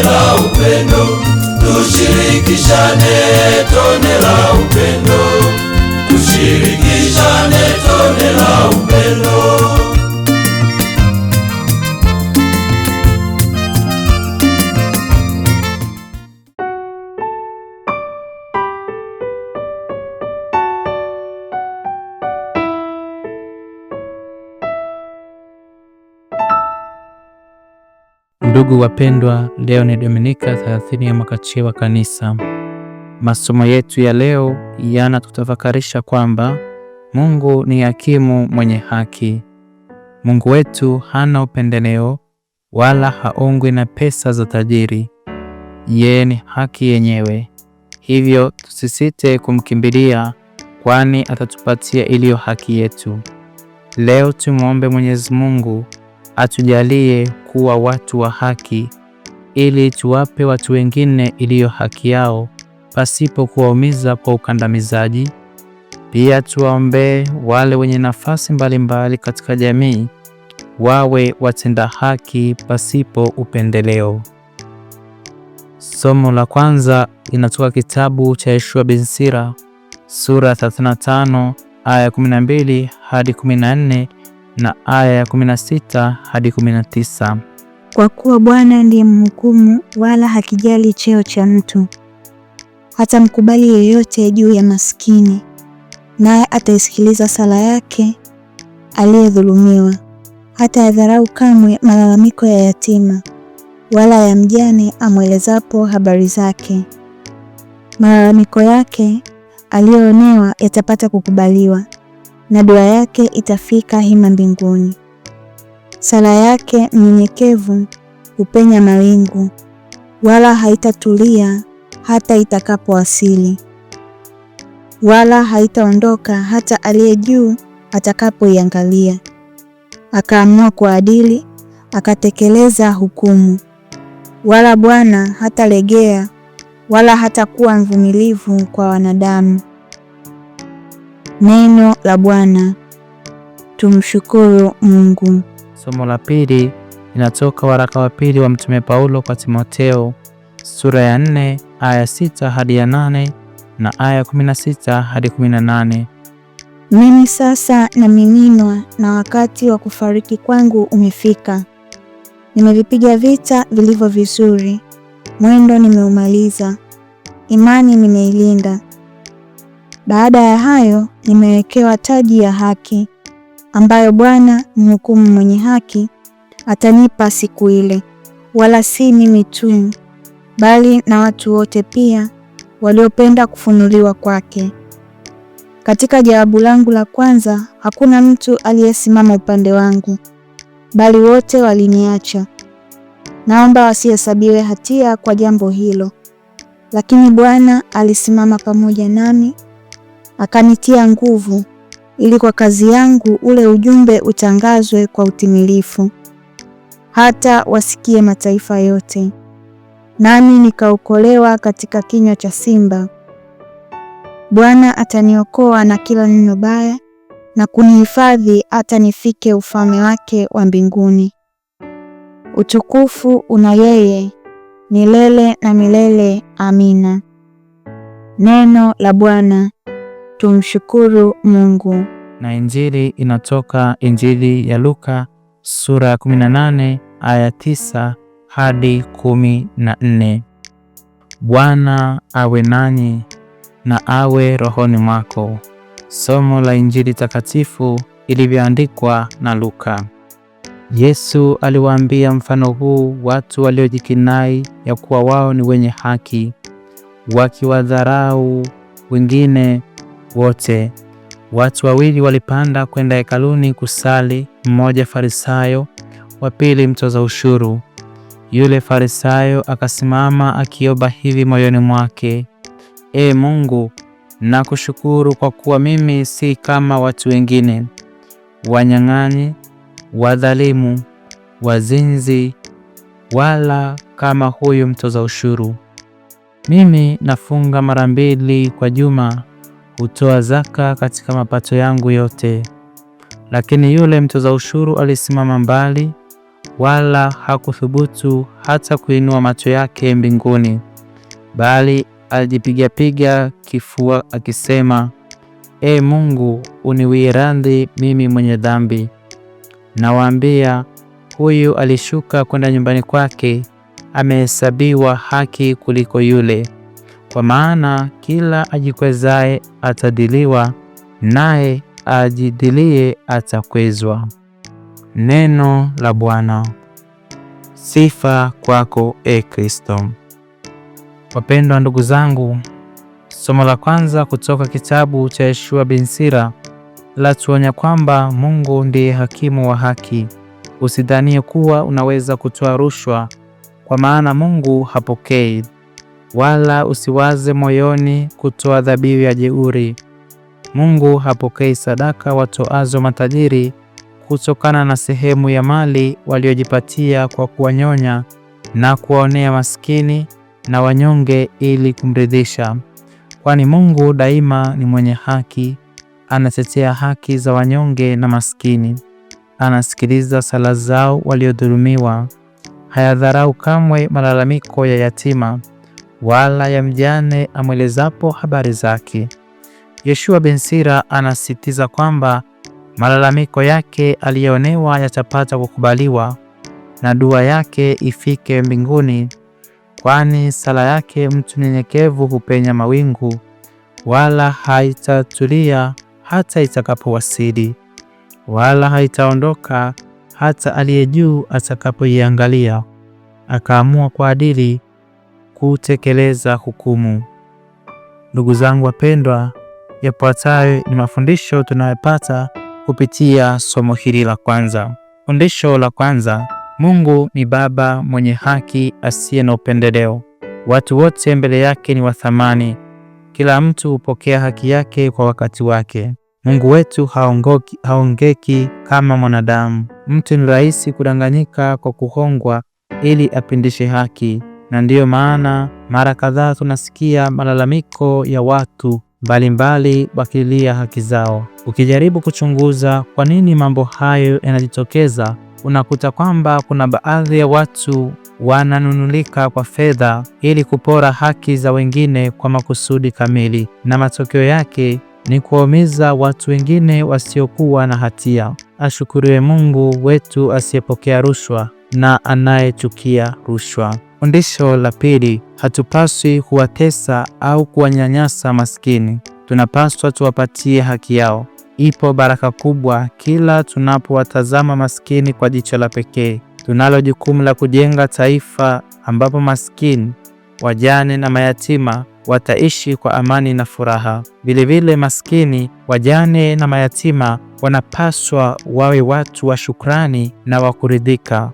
tone la upendo, tushirikishane tone la upendo, tushirikishane tone la upendo Ndugu wapendwa, leo ni Dominika 30 ya mwakachie wa Kanisa. Masomo yetu ya leo yanatutafakarisha kwamba Mungu ni hakimu mwenye haki. Mungu wetu hana upendeleo wala haongwi na pesa za tajiri. Yeye ni haki yenyewe, hivyo tusisite kumkimbilia, kwani atatupatia iliyo haki yetu. Leo tumwombe Mwenyezi Mungu atujalie kuwa watu wa haki ili tuwape watu wengine iliyo haki yao pasipo kuwaumiza kwa ukandamizaji. Pia tuwaombee wale wenye nafasi mbalimbali mbali katika jamii wawe watenda haki pasipo upendeleo. Somo la kwanza linatoka kitabu cha Yeshua bin Sira sura 35 aya 12 hadi 14 na aya ya 16 hadi 19. Kwa kuwa Bwana ndiye mhukumu, wala hakijali cheo cha mtu. hata mkubali yeyote juu ya maskini, naye ataisikiliza sala yake aliyedhulumiwa. Hata yadharau kamwe malalamiko ya yatima, wala ya mjane amwelezapo habari zake. Malalamiko yake aliyoonewa yatapata kukubaliwa, na dua yake itafika hima mbinguni. Sala yake mnyenyekevu hupenya mawingu, wala haitatulia hata itakapowasili, wala haitaondoka hata aliye juu atakapoiangalia. Akaamua kwa adili, akatekeleza hukumu, wala Bwana hatalegea wala hatakuwa mvumilivu kwa wanadamu. Neno la Bwana. Tumshukuru Mungu. Somo la pili linatoka waraka wa pili wa Mtume Paulo kwa Timotheo sura ya 4 aya sita hadi ya nane na aya 16 hadi 18. Mimi sasa namiminwa na wakati wa kufariki kwangu umefika. Nimevipiga vita vilivyo vizuri, mwendo nimeumaliza, imani nimeilinda. Baada ya hayo nimewekewa taji ya haki, ambayo Bwana mhukumu mwenye haki atanipa siku ile, wala si mimi tu, bali na watu wote pia waliopenda kufunuliwa kwake. Katika jawabu langu la kwanza hakuna mtu aliyesimama upande wangu, bali wote waliniacha. Naomba wasihesabiwe hatia kwa jambo hilo, lakini Bwana alisimama pamoja nami akanitia nguvu ili kwa kazi yangu ule ujumbe utangazwe kwa utimilifu, hata wasikie mataifa yote, nami nikaokolewa katika kinywa cha simba. Bwana ataniokoa na kila neno baya na kunihifadhi hata nifike ufalme wake wa mbinguni. Utukufu una yeye milele na milele. Amina. Neno la Bwana. Tumshukuru Mungu. Na injili inatoka Injili ya Luka sura ya 18 aya 9 hadi 14. Bwana awe nanyi na awe rohoni mwako. Somo la Injili takatifu ilivyoandikwa na Luka. Yesu aliwaambia mfano huu watu waliojikinai ya kuwa wao ni wenye haki, wakiwadharau wengine wote. Watu wawili walipanda kwenda hekaluni kusali, mmoja Farisayo, wa pili mtoza ushuru. Yule Farisayo akasimama akiomba hivi moyoni mwake, E Mungu, nakushukuru kwa kuwa mimi si kama watu wengine, wanyang'anyi, wadhalimu, wazinzi, wala kama huyu mtoza ushuru. Mimi nafunga mara mbili kwa juma hutoa zaka katika mapato yangu yote. Lakini yule mtoza ushuru alisimama mbali, wala hakuthubutu hata kuinua macho yake mbinguni, bali alijipigapiga kifua akisema, E Mungu, uniwie radhi mimi mwenye dhambi. Nawaambia, huyu alishuka kwenda nyumbani kwake amehesabiwa haki kuliko yule. Kwa maana kila ajikwezaye atadiliwa, naye ajidilie atakwezwa. Neno la Bwana. Sifa kwako e Kristo. Wapendwa ndugu zangu, somo la kwanza kutoka kitabu cha Yeshua bin Sira latuonya kwamba Mungu ndiye hakimu wa haki. Usidhanie kuwa unaweza kutoa rushwa, kwa maana Mungu hapokei wala usiwaze moyoni kutoa dhabihu ya jeuri. Mungu hapokei sadaka watoazo matajiri kutokana na sehemu ya mali waliojipatia kwa kuwanyonya na kuwaonea maskini na wanyonge ili kumridhisha, kwani Mungu daima ni mwenye haki, anatetea haki za wanyonge na maskini, anasikiliza sala zao waliodhulumiwa, hayadharau kamwe malalamiko ya yatima wala ya mjane amwelezapo habari zake. Yeshua ben Sira anasisitiza kwamba malalamiko yake aliyeonewa yatapata kukubaliwa na dua yake ifike mbinguni, kwani sala yake mtu nyenyekevu hupenya mawingu, wala haitatulia hata itakapowasili, wala haitaondoka hata aliye juu atakapoiangalia. Akaamua kwa adili kutekeleza hukumu. Ndugu zangu wapendwa, yapatayo ni mafundisho tunayopata kupitia somo hili la kwanza. Fundisho la kwanza: Mungu ni Baba mwenye haki, asiye na upendeleo. Watu wote mbele yake ni wa thamani, kila mtu hupokea haki yake kwa wakati wake. Mungu wetu haongoki, haongeki kama mwanadamu. Mtu ni rahisi kudanganyika kwa kuhongwa ili apindishe haki na ndiyo maana mara kadhaa tunasikia malalamiko ya watu mbalimbali wakilia haki zao. Ukijaribu kuchunguza kwa nini mambo hayo yanajitokeza, unakuta kwamba kuna baadhi ya watu wananunulika kwa fedha ili kupora haki za wengine kwa makusudi kamili, na matokeo yake ni kuwaumiza watu wengine wasiokuwa na hatia. Ashukuriwe Mungu wetu asiyepokea rushwa na anayechukia rushwa. Fundisho la pili, hatupaswi kuwatesa au kuwanyanyasa maskini, tunapaswa tuwapatie haki yao. Ipo baraka kubwa kila tunapowatazama maskini kwa jicho la pekee. Tunalo jukumu la kujenga taifa ambapo maskini, wajane na mayatima wataishi kwa amani na furaha. Vilevile, maskini, wajane na mayatima wanapaswa wawe watu wa shukrani na wa kuridhika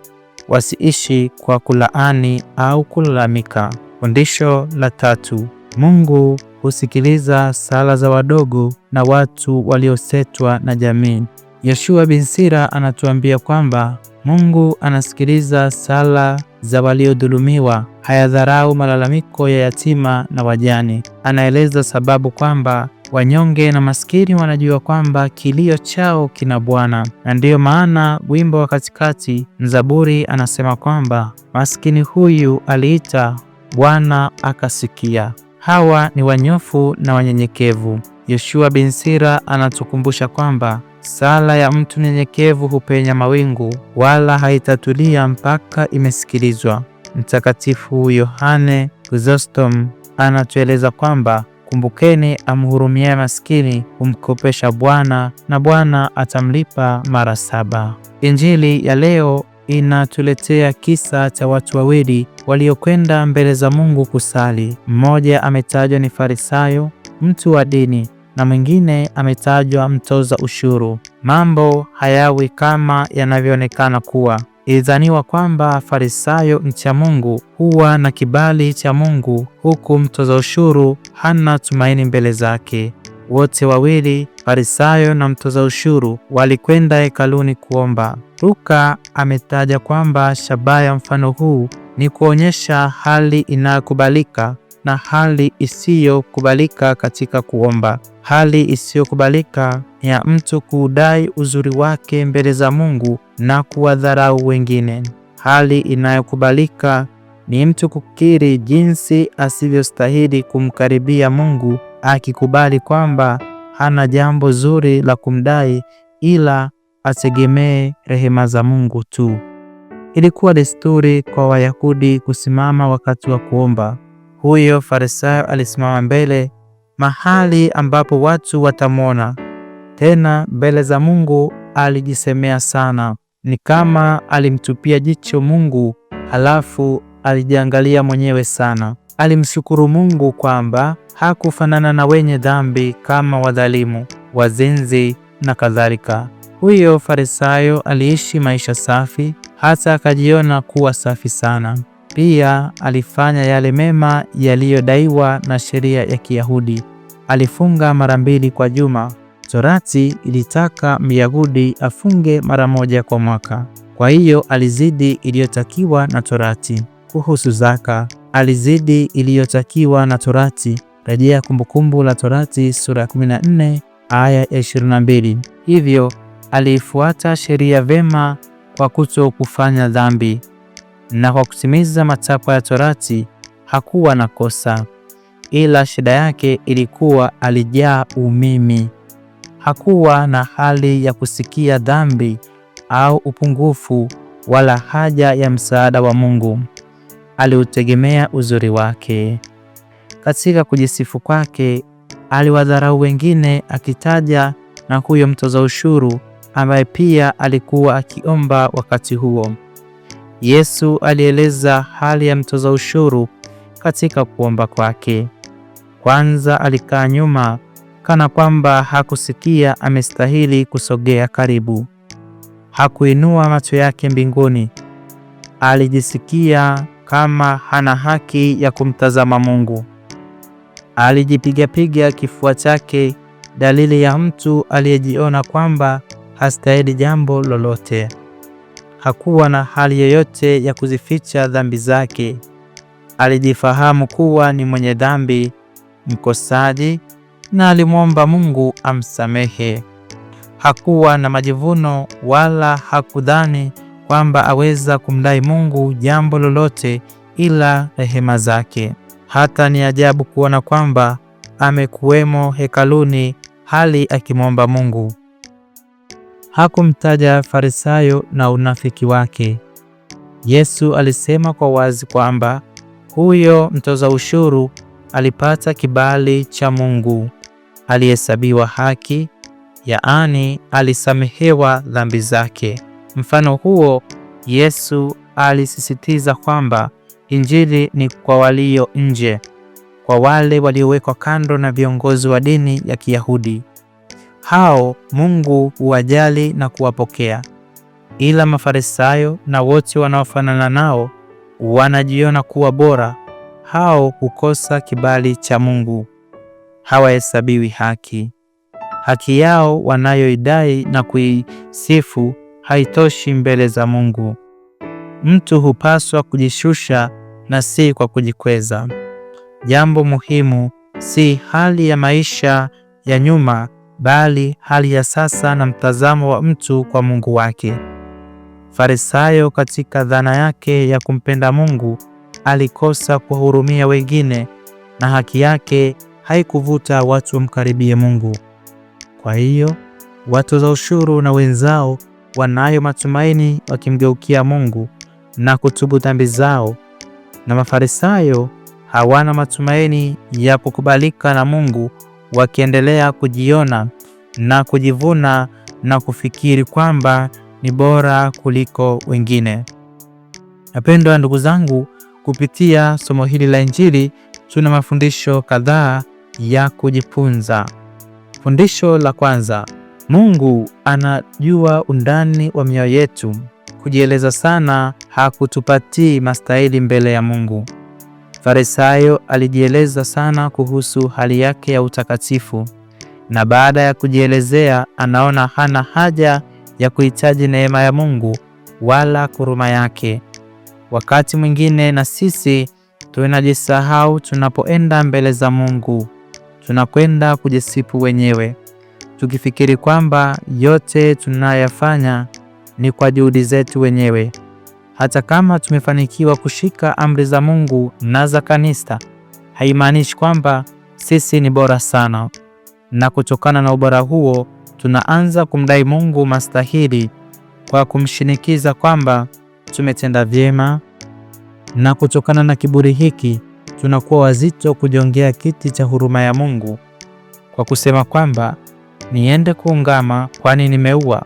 wasiishi kwa kulaani au kulalamika. Fundisho la tatu: Mungu husikiliza sala za wadogo na watu waliosetwa na jamii. Yoshua bin Sira anatuambia kwamba Mungu anasikiliza sala za waliodhulumiwa, hayadharau malalamiko ya yatima na wajane. Anaeleza sababu kwamba Wanyonge na maskini wanajua kwamba kilio chao kina Bwana, na ndiyo maana wimbo wa katikati mzaburi anasema kwamba maskini huyu aliita, Bwana akasikia. Hawa ni wanyofu na wanyenyekevu. Yoshua bin Sira anatukumbusha kwamba sala ya mtu mnyenyekevu hupenya mawingu, wala haitatulia mpaka imesikilizwa. Mtakatifu Yohane Chrysostom anatueleza kwamba Kumbukeni, amhurumia maskini humkopesha Bwana, na Bwana atamlipa mara saba. Injili ya leo inatuletea kisa cha watu wawili waliokwenda mbele za Mungu kusali. Mmoja ametajwa ni Farisayo, mtu wa dini, na mwingine ametajwa mtoza ushuru. Mambo hayawi kama yanavyoonekana kuwa. Ilidhaniwa kwamba Farisayo mcha Mungu huwa na kibali cha Mungu, huku mtoza ushuru hana tumaini mbele zake. Wote wawili Farisayo na mtoza ushuru walikwenda hekaluni kuomba. Luka ametaja kwamba shabaha ya mfano huu ni kuonyesha hali inayokubalika na hali isiyokubalika katika kuomba. Hali isiyokubalika ni ya mtu kuudai uzuri wake mbele za Mungu na kuwadharau wengine. Hali inayokubalika ni mtu kukiri jinsi asivyostahili kumkaribia Mungu, akikubali kwamba hana jambo zuri la kumdai, ila ategemee rehema za Mungu tu. Ilikuwa desturi kwa Wayahudi kusimama wakati wa kuomba. Huyo Farisayo alisimama mbele, mahali ambapo watu watamwona. Tena mbele za Mungu alijisemea sana, ni kama alimtupia jicho Mungu, halafu alijiangalia mwenyewe sana. Alimshukuru Mungu kwamba hakufanana na wenye dhambi kama wadhalimu, wazinzi na kadhalika. Huyo Farisayo aliishi maisha safi, hata akajiona kuwa safi sana. Pia alifanya yale mema yaliyodaiwa na sheria ya Kiyahudi. Alifunga mara mbili kwa juma. Torati ilitaka Myahudi afunge mara moja kwa mwaka. Kwa hiyo alizidi iliyotakiwa na Torati. Kuhusu zaka, alizidi iliyotakiwa na Torati. Rejea Kumbukumbu la Torati sura 14 aya ya 22. Hivyo aliifuata sheria vema kwa kuto kufanya dhambi na kwa kutimiza matakwa ya Torati hakuwa na kosa, ila shida yake ilikuwa alijaa umimi. Hakuwa na hali ya kusikia dhambi au upungufu, wala haja ya msaada wa Mungu. Aliutegemea uzuri wake. Katika kujisifu kwake, aliwadharau wengine, akitaja na huyo mtoza ushuru ambaye pia alikuwa akiomba wakati huo. Yesu alieleza hali ya mtoza ushuru katika kuomba kwake. Kwanza alikaa nyuma, kana kwamba hakusikia amestahili kusogea karibu. Hakuinua macho yake mbinguni, alijisikia kama hana haki ya kumtazama Mungu. Alijipigapiga kifua chake, dalili ya mtu aliyejiona kwamba hastahili jambo lolote hakuwa na hali yoyote ya kuzificha dhambi zake. Alijifahamu kuwa ni mwenye dhambi, mkosaji, na alimwomba Mungu amsamehe. Hakuwa na majivuno wala hakudhani kwamba aweza kumdai Mungu jambo lolote ila rehema zake. Hata ni ajabu kuona kwamba amekuwemo hekaluni hali akimwomba Mungu hakumtaja Farisayo na unafiki wake. Yesu alisema kwa wazi kwamba huyo mtoza ushuru alipata kibali cha Mungu, alihesabiwa haki, yaani alisamehewa dhambi zake. Mfano huo Yesu alisisitiza kwamba Injili ni kwa walio nje, kwa wale waliowekwa kando na viongozi wa dini ya Kiyahudi hao Mungu huwajali na kuwapokea, ila Mafarisayo na wote wanaofanana nao wanajiona kuwa bora, hao hukosa kibali cha Mungu, hawahesabiwi haki. Haki yao wanayoidai na kuisifu haitoshi mbele za Mungu. Mtu hupaswa kujishusha na si kwa kujikweza. Jambo muhimu si hali ya maisha ya nyuma bali hali ya sasa na mtazamo wa mtu kwa Mungu wake. Farisayo katika dhana yake ya kumpenda Mungu alikosa kuwahurumia wengine, na haki yake haikuvuta watu wamkaribie Mungu. Kwa hiyo watoza ushuru na wenzao wanayo matumaini wakimgeukia Mungu na kutubu dhambi zao, na Mafarisayo hawana matumaini ya kukubalika na Mungu wakiendelea kujiona na kujivuna na kufikiri kwamba ni bora kuliko wengine. Napendwa ndugu zangu, kupitia somo hili la Injili tuna mafundisho kadhaa ya kujifunza. Fundisho la kwanza, Mungu anajua undani wa mioyo yetu. Kujieleza sana hakutupatii mastahili mbele ya Mungu. Farisayo alijieleza sana kuhusu hali yake ya utakatifu, na baada ya kujielezea, anaona hana haja ya kuhitaji neema ya Mungu wala huruma yake. Wakati mwingine na sisi tunajisahau tunapoenda mbele za Mungu, tunakwenda kujisifu wenyewe, tukifikiri kwamba yote tunayafanya ni kwa juhudi zetu wenyewe. Hata kama tumefanikiwa kushika amri za Mungu na za kanisa, haimaanishi kwamba sisi ni bora sana, na kutokana na ubora huo tunaanza kumdai Mungu mastahili kwa kumshinikiza kwamba tumetenda vyema, na kutokana na kiburi hiki tunakuwa wazito kujiongea kiti cha huruma ya Mungu kwa kusema kwamba niende kuungama, kwani nimeua,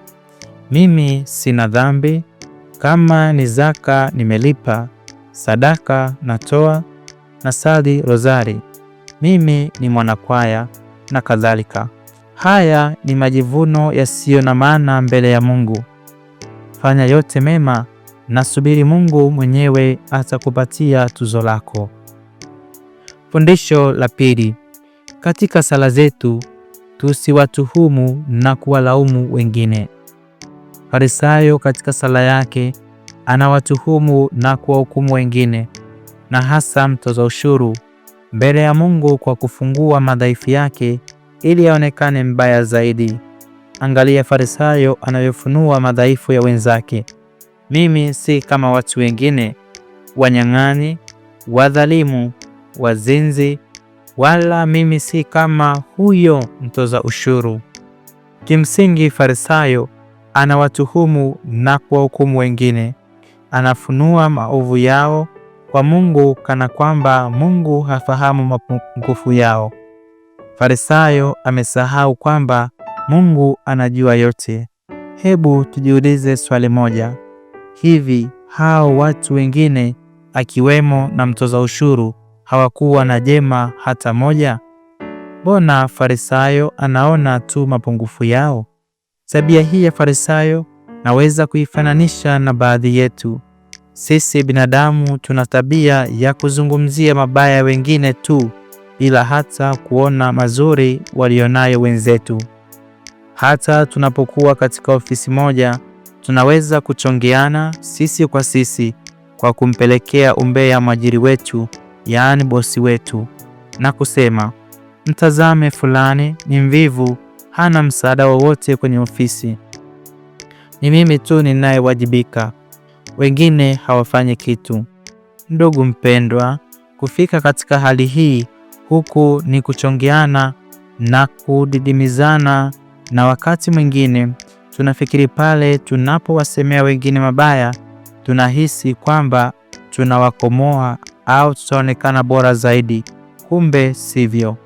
mimi sina dhambi. Kama ni zaka nimelipa, sadaka natoa, sali rozari, mimi ni mwanakwaya na kadhalika. Haya ni majivuno yasiyo na maana mbele ya Mungu. Fanya yote mema, nasubiri Mungu mwenyewe atakupatia tuzo lako. Fundisho la pili: katika sala zetu tusiwatuhumu na kuwalaumu wengine. Farisayo katika sala yake anawatuhumu na kuwahukumu wengine na hasa mtoza ushuru mbele ya Mungu kwa kufungua madhaifu yake ili aonekane mbaya zaidi. Angalia Farisayo anayofunua madhaifu ya wenzake. Mimi si kama watu wengine, wanyang'ani, wadhalimu, wazinzi, wala mimi si kama huyo mtoza ushuru. Kimsingi Farisayo anawatuhumu na kuwahukumu wengine, anafunua maovu yao kwa Mungu kana kwamba Mungu hafahamu mapungufu yao. Farisayo amesahau kwamba Mungu anajua yote. Hebu tujiulize swali moja. Hivi hao watu wengine akiwemo na mtoza ushuru hawakuwa na jema hata moja? Mbona Farisayo anaona tu mapungufu yao? Tabia hii ya Farisayo naweza kuifananisha na baadhi yetu. Sisi binadamu tuna tabia ya kuzungumzia mabaya wengine tu bila hata kuona mazuri walionayo wenzetu. Hata tunapokuwa katika ofisi moja, tunaweza kuchongeana sisi kwa sisi kwa kumpelekea umbea mwajiri wetu, yaani bosi wetu, na kusema mtazame fulani ni mvivu hana msaada wowote kwenye ofisi. Ni mimi tu ninayewajibika, wengine hawafanyi kitu. Ndugu mpendwa, kufika katika hali hii huku ni kuchongeana na kudidimizana, na wakati mwingine tunafikiri pale tunapowasemea wengine mabaya tunahisi kwamba tunawakomoa au tutaonekana bora zaidi, kumbe sivyo.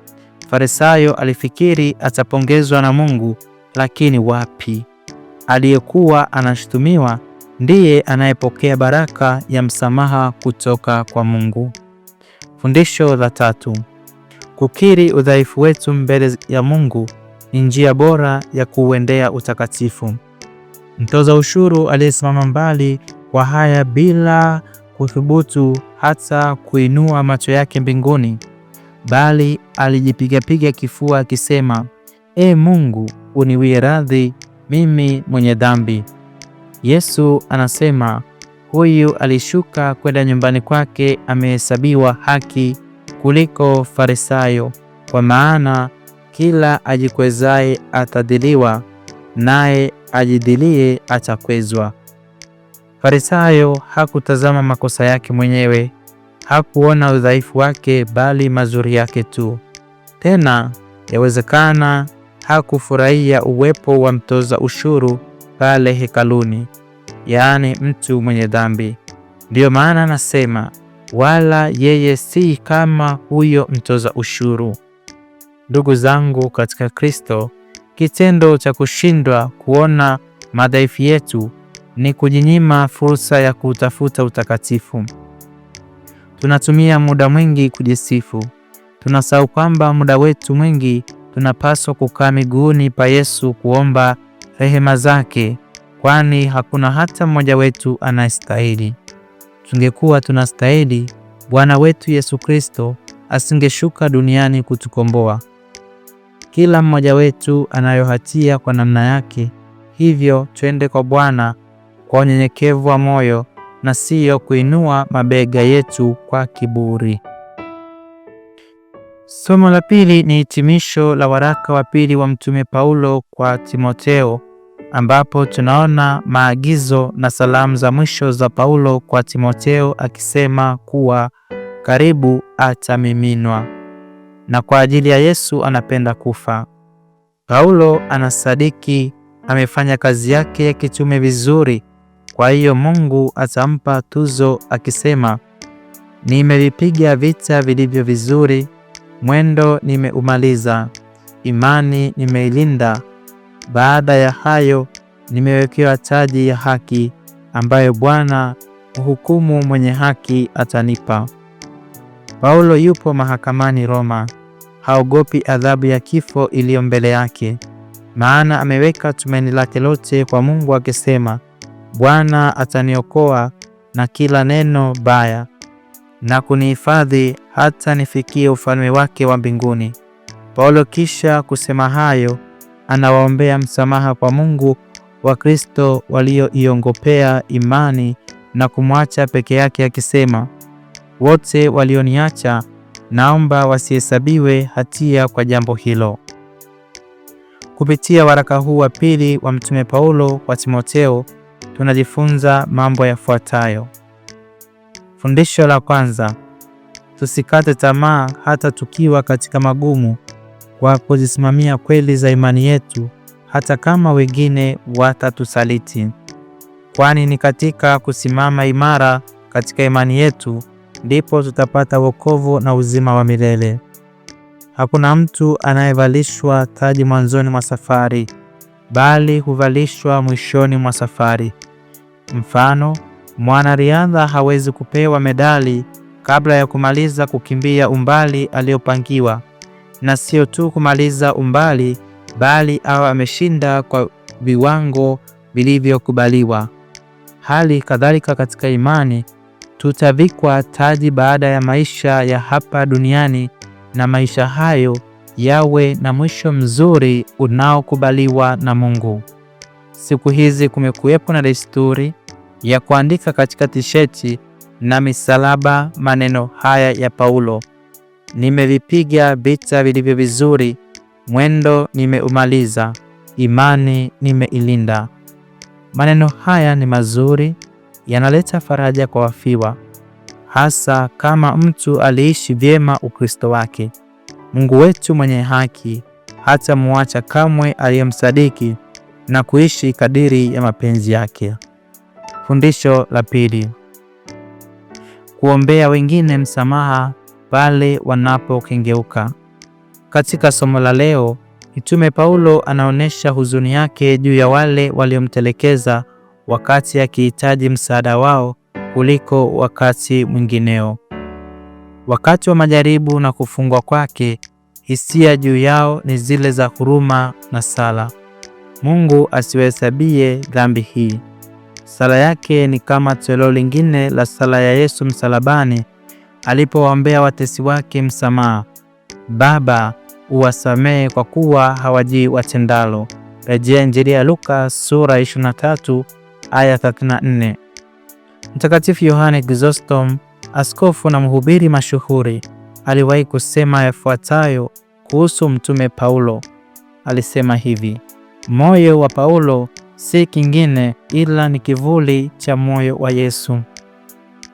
Farisayo alifikiri atapongezwa na Mungu, lakini wapi! Aliyekuwa anashutumiwa ndiye anayepokea baraka ya msamaha kutoka kwa Mungu. Fundisho la tatu: kukiri udhaifu wetu mbele ya Mungu ni njia bora ya kuuendea utakatifu. Mtoza ushuru aliyesimama mbali kwa haya bila kuthubutu hata kuinua macho yake mbinguni bali alijipigapiga kifua akisema, E Mungu, uniwie radhi mimi mwenye dhambi. Yesu anasema huyu alishuka kwenda nyumbani kwake amehesabiwa haki kuliko Farisayo, kwa maana kila ajikwezaye atadhiliwa, naye ajidhilie atakwezwa. Farisayo hakutazama makosa yake mwenyewe, hakuona udhaifu wake bali mazuri yake tu. Tena yawezekana hakufurahia uwepo wa mtoza ushuru pale hekaluni, yaani mtu mwenye dhambi. Ndiyo maana anasema wala yeye si kama huyo mtoza ushuru. Ndugu zangu katika Kristo, kitendo cha kushindwa kuona madhaifu yetu ni kujinyima fursa ya kutafuta utakatifu. Tunatumia muda mwingi kujisifu, tunasahau kwamba muda wetu mwingi tunapaswa kukaa miguuni pa Yesu kuomba rehema zake, kwani hakuna hata mmoja wetu anayestahili. Tungekuwa tunastahili, Bwana wetu Yesu Kristo asingeshuka duniani kutukomboa. Kila mmoja wetu anayo hatia kwa namna yake, hivyo twende kwa Bwana kwa unyenyekevu wa moyo na siyo kuinua mabega yetu kwa kiburi. Somo la pili ni hitimisho la waraka wa pili wa Mtume Paulo kwa timoteo ambapo tunaona maagizo na salamu za mwisho za Paulo kwa timoteo akisema kuwa karibu atamiminwa na kwa ajili ya Yesu anapenda kufa. Paulo anasadiki amefanya kazi yake ya kitume vizuri kwa hiyo Mungu atampa tuzo akisema, nimevipiga vita vilivyo vizuri, mwendo nimeumaliza, imani nimeilinda. Baada ya hayo nimewekewa taji ya haki ambayo Bwana mhukumu mwenye haki atanipa. Paulo yupo mahakamani Roma, haogopi adhabu ya kifo iliyo mbele yake, maana ameweka tumaini lake lote kwa Mungu akisema Bwana ataniokoa na kila neno baya na kunihifadhi hata nifikie ufalme wake wa mbinguni. Paulo kisha kusema hayo anawaombea msamaha kwa Mungu wa Kristo walioiongopea imani na kumwacha peke yake akisema, wote walioniacha naomba wasihesabiwe hatia kwa jambo hilo. Kupitia waraka huu wa pili wa Mtume Paulo kwa Timoteo tunajifunza mambo yafuatayo. Fundisho la kwanza, tusikate tamaa hata tukiwa katika magumu, kwa kuzisimamia kweli za imani yetu, hata kama wengine watatusaliti, kwani ni katika kusimama imara katika imani yetu ndipo tutapata wokovu na uzima wa milele. Hakuna mtu anayevalishwa taji mwanzoni mwa safari, bali huvalishwa mwishoni mwa safari. Mfano, mwanariadha hawezi kupewa medali kabla ya kumaliza kukimbia umbali aliyopangiwa na sio tu kumaliza umbali, bali awe ameshinda kwa viwango vilivyokubaliwa. Hali kadhalika katika imani, tutavikwa taji baada ya maisha ya hapa duniani, na maisha hayo yawe na mwisho mzuri unaokubaliwa na Mungu. Siku hizi kumekuwepo na desturi ya kuandika katika tisheti na misalaba maneno haya ya Paulo: nimevipiga vita vilivyo vizuri, mwendo nimeumaliza, imani nimeilinda. Maneno haya ni mazuri, yanaleta faraja kwa wafiwa, hasa kama mtu aliishi vyema Ukristo wake. Mungu wetu mwenye haki hata muacha kamwe aliyemsadiki na kuishi kadiri ya mapenzi yake. Fundisho la pili: kuombea wengine msamaha pale wanapokengeuka. Katika somo la leo, Mtume Paulo anaonyesha huzuni yake juu ya wale waliomtelekeza wakati akihitaji msaada wao kuliko wakati mwingineo. Wakati wa majaribu na kufungwa kwake, hisia juu yao ni zile za huruma na sala. Mungu asiwahesabie dhambi hii. Sala yake ni kama toleo lingine la sala ya Yesu msalabani alipowaombea watesi wake msamaha. Baba, uwasamehe kwa kuwa hawajui watendalo. Rejea Injili ya Luka sura 23 aya 34. Mtakatifu Yohane Chrysostom, askofu na mhubiri mashuhuri, aliwahi kusema yafuatayo kuhusu Mtume Paulo. Alisema hivi: moyo wa Paulo si kingine ila ni kivuli cha moyo wa Yesu.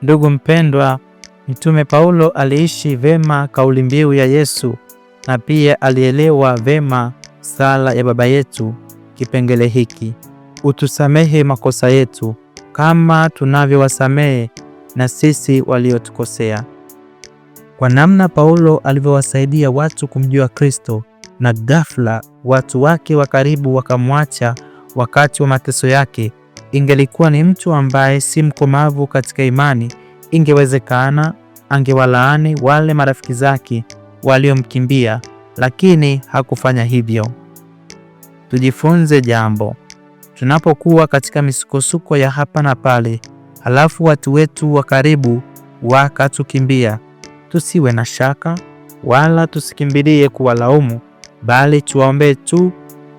Ndugu mpendwa, Mtume Paulo aliishi vema kauli mbiu ya Yesu na pia alielewa vema sala ya Baba yetu. Kipengele hiki, utusamehe makosa yetu kama tunavyowasamehe na sisi waliotukosea. Kwa namna Paulo alivyowasaidia watu kumjua Kristo, na ghafla watu wake wa karibu wakamwacha wakati wa mateso yake. Ingelikuwa ni mtu ambaye si mkomavu katika imani, ingewezekana angewalaani wale marafiki zake waliomkimbia, lakini hakufanya hivyo. Tujifunze jambo: tunapokuwa katika misukosuko ya hapa na pale, halafu watu wetu wa karibu wakatukimbia, tusiwe na shaka wala tusikimbilie kuwalaumu, bali tuwaombee tu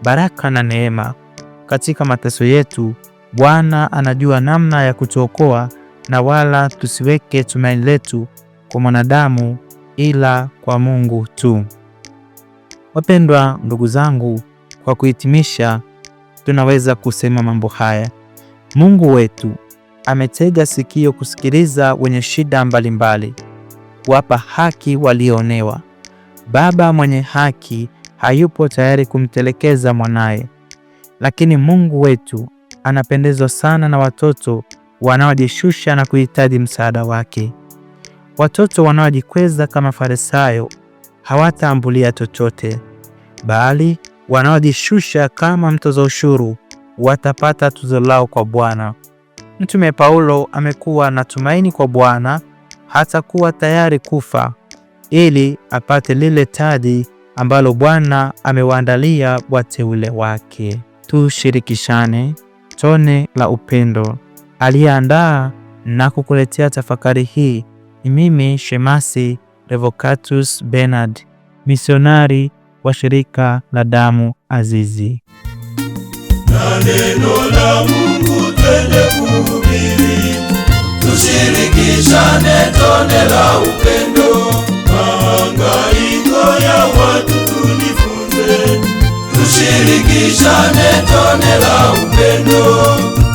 baraka na neema katika mateso yetu. Bwana anajua namna ya kutuokoa na wala tusiweke tumaini letu kwa mwanadamu ila kwa Mungu tu. Wapendwa ndugu zangu, kwa kuhitimisha, tunaweza kusema mambo haya: Mungu wetu ametega sikio kusikiliza wenye shida mbalimbali, kuwapa haki walioonewa. Baba mwenye haki hayupo tayari kumtelekeza mwanaye lakini Mungu wetu anapendezwa sana na watoto wanaojishusha na kuhitaji msaada wake. Watoto wanaojikweza kama Farisayo hawataambulia chochote, bali wanaojishusha kama mtoza ushuru watapata tuzo lao kwa Bwana. Mtume Paulo amekuwa na tumaini kwa Bwana, hata kuwa tayari kufa ili apate lile taji ambalo Bwana amewaandalia wateule wake tushirikishane tone la upendo. Aliyeandaa na kukuletea tafakari hii ni mimi Shemasi Revocatus Bernard, misionari wa shirika la damu azizi. Na neno la Mungu twende kuhubiri, tushirikishane tone la upendo, mahangaiko ya watu kushirikisha netone la upendo